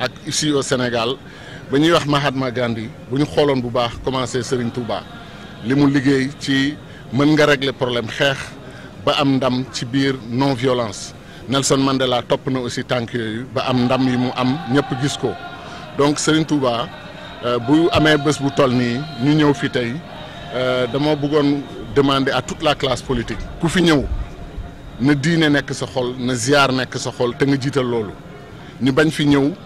ak ici au Sénégal ba ñuy wax Mahatma Gandhi bu ñu xooloon bu baax commencé Serigne Touba limu mu liggéey ci mën nga régler problème xex ba am ndam ci biir non violence Nelson Mandela top na aussi tànk yooyu ba am ndam yi mu am ñëpp gis ko donc Serigne Touba euh, bu amé bës bu toll ni ñu ñëw fi tey euh, dama bëggoon demander à toute la classe politique ku fi ñëw na diine nekk sa xol na ziar nekk sa xol te nga jiital loolu ñu bañ fi ñëw.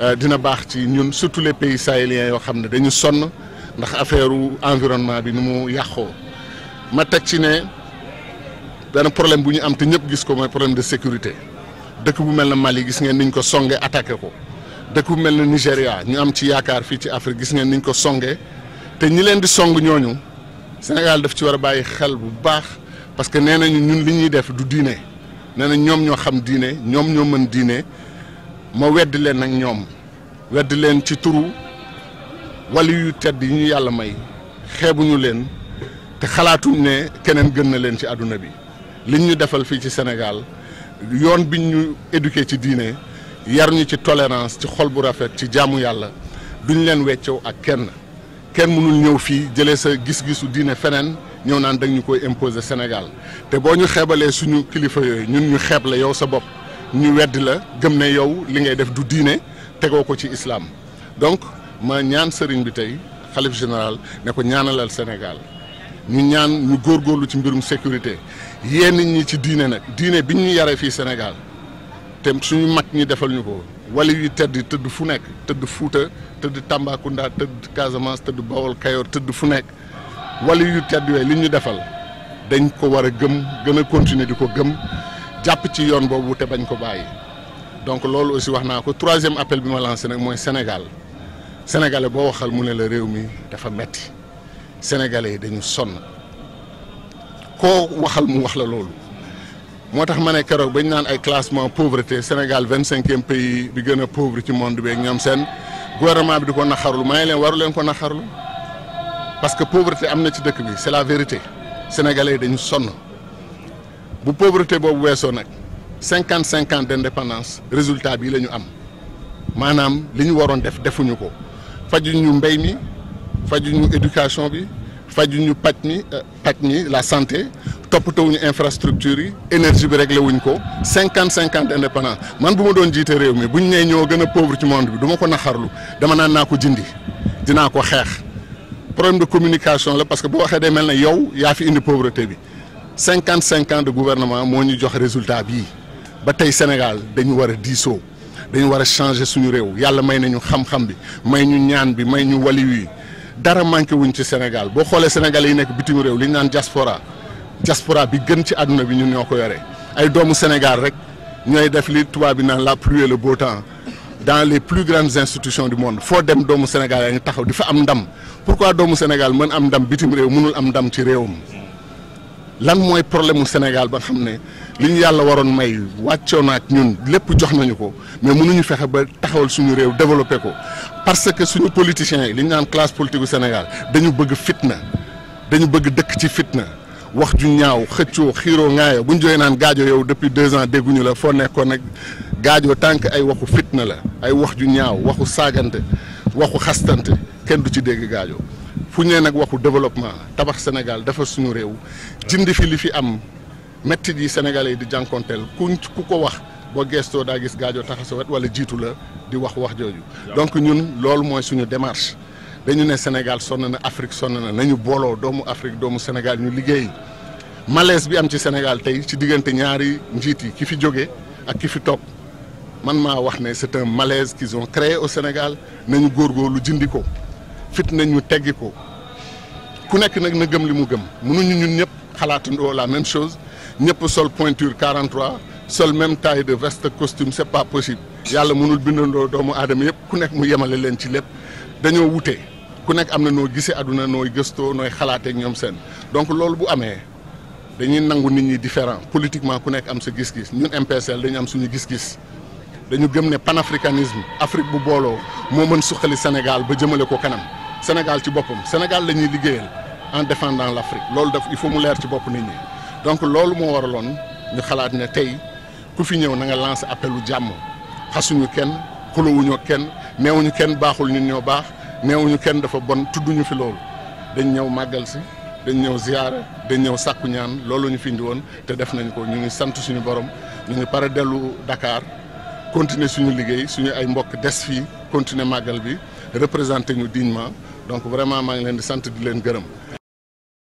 Euh, dina baax ci ñun surtout les pays sahéliens yo xam dañu sonn ndax affaire environnement bi ni mu yàqoo ma tek ci ne benn problème bu ñu am te ñëpp gis ko moy problème de sécurité dëkk bu mel Mali gis ngeen niñ ko songé attaquer ko dëkk bu mel Nigeria ñu am ci yaakaar fi ci Afrique gis ngeen niñ ko songé te ñi leen di song ñoñu Sénégal daf ci wara bayyi xel bu baax parce que nenañu ñun li ñuy def du diiné nee ñom ñoom ñoo xam diiné ñom ñoo mën diiné ma wedd leen nag ñoom wedd leen ci turu wali yu tedd yi ñu yàlla may xeebuñu leen te xalaatuñ ne keneen gën na leen ci àdduna bi liñ ñu defal fii ci senegal yoon biñ ñu éduqué ci diine yar ñu ci tolérance ci xol bu rafet ci jaamu yàlla duñ leen weccoo ak kenn kenn mënul ñëw fii jëlee sa gis-gisu diine feneen ñëw naan dag ñu koy imposer Sénégal te boo ñu xeebalee suñu kilifa yooyu ñun ñu xeeb la yow sa bopp ñu wedd la gëm ne yow li ngay def du diine tegoo ko ci islaam donc ma ñaan sëriñ bi tey xalif général ne ko ñaanalal Sénégal ñu ñaan ñu góorgóorlu ci mbirum sécurité yenn ñi ci diine nag diine bi ñu yaree fii Sénégal te suñu mag ñi defal ñu ko wala yu tedd tëdd fu nekk tëdd Fuuta tëdd Tambacounda tëdd Casamance tëdd Bawol Kayoor tëdd fu nekk wala yu tedd yooyu li ñu defal dañ ko war a gëm gën a continuer di ko gëm jàpp ci yoon boobu te bañ ko bàyyi donc loolu aussi wax naa ko troisième appel bi ma lancé nag mooy Sénégal sénégalais boo waxal mu ne la réew mi dafa metti sénégalais yi dañu sonn koo waxal mu wax la loolu moo tax ma ne keroog bañ naan ay classement pauvreté Sénégal 25e pays bi gën a pauvre ci monde bi ak ñoom seen gouvernement bi di ko naxarlu ma ne leen waru leen ko naxarlu parce que pauvreté am na ci dëkk bi c'est la vérité sénégalais yi dañu sonn la pauvreté bobu wesso nak 50-50 ans résultat bi la am manam nous ñu def defuñu ko éducation bi euh, la santé nous infrastructure yi énergie bi réglé wuñ ko 50-50 ans man bu doon jité mi buñ ñoo pauvre monde bi jindi problème de communication parce que si waxé dé melni yow ya fi indi pauvreté 50 50 ans de gouvernement mo ñu jox résultat bi, ba tay Sénégal dañu wara disso dañu wara changer suñu réew yalla may nañu xam-xam bi may ñu ñaan bi may ñu wali wi dara manké wuñ ci Sénégal bo xolé Sénégal yi nek bitim réew li ñu diaspora diaspora bi gën ci aduna bi ñun ñoko ko ay doomu Sénégal rek ñoy def li tuba bi naan la pluie et le beau temps dans les plus grandes institutions du monde fo dem doomu Sénégal yaa ngi taxaw difa am ndam pourquoi doomu Sénégal mën am ndam bitim réew mënul am ndam ci réewam. lan mooy problème mu Sénégal ba xam ne li ñu yàlla waroon may wàccoo na ñun lépp jox nañu ko mais mënuñu fexe ba taxawal suñu réew développé ko parce que suñu politiciens yi li ñu naan classe politique Sénégal dañu bëgg fitna dañu bëgg dëkk ci fitna wax ju ñaaw xëccoo xiiroo ŋaayoo bu ñu jooy naan gaajo yow depuis deux ans dégguñu la foo nekkoon nag gaajo tànk ay waxu fitna la ay wax ju ñaaw waxu saagante waxu xastante kenn du ci dégg gaajo fu ñu nee nag waxu développement tabax Sénégal dafa suñu réew jëndi fi li fi am métti yi Sénégalais yi di jànkonteel kuñ ku ko wax boo gestoo daa gis gaajoo taxaso wet wala jiitu la di wax wax jooju donc ñun loolu mooy suñu démarche dañu ne Sénégal sonn na Afrique sonn na nañu booloo doomu Afrique doomu Sénégal ñu liggéey malaise bi am ci Sénégal tey ci diggante ñaari njiit yi ki fi jóge ak ki fi toog man maa wax ne c'est un malaise qu'ils ont créé au Sénégal nañu góorgóorlu jëndi ko fitna ñu teggi ko ku nekk nak na gëm li mu gëm mënuñu ñun ñëpp xalaat ndo la même chose ñëpp sol pointure 43 sol même taille de veste costume c'est pas possible. yalla mënul bindandoo doomu adam yëpp ku nekk mu yemale leen ci lépp dañoo wuté ku nekk amna no noo gisee àdduna nooy gëstoo nooy xalaatee ak ñoom seen donc loolu bu amé dañuy nangu nit ñi différent politiquement ku nekk am sa gis-gis ñun MPSL dañu am suñu gis-gis. dañu gëm né panafricanisme Afrique bu bolo mo mën suxali Sénégal ba jëmele ko kanam. Sénégal ci boppam Sénégal la ñuy liggéeyal en défendant l'Afrique Afrique loolu daf il faut mu leer ci bop nit ñi donc loolu mo waraloon ñu xalaat ne tay ku fi ñew na nga lancer appelu jamm xasuñu kenn xulowuñoo kenn neewuñu kenn baaxul nit ñoo baax neewuñu kenn dafa bon tudduñu fi loolu dañ ñew magal ci dañ ñew ziyaare dañ ñew sakku ñaan loolu ñu fi indi woon te def nañ ko ñu ngi sant suñu borom ñu ngi pare dellu Dakar continuer suñu liggéey suñu ay mbokk dess fi continuer magal bi représenter ñu dignement donc vraiment maa leen di sant di leen gërëm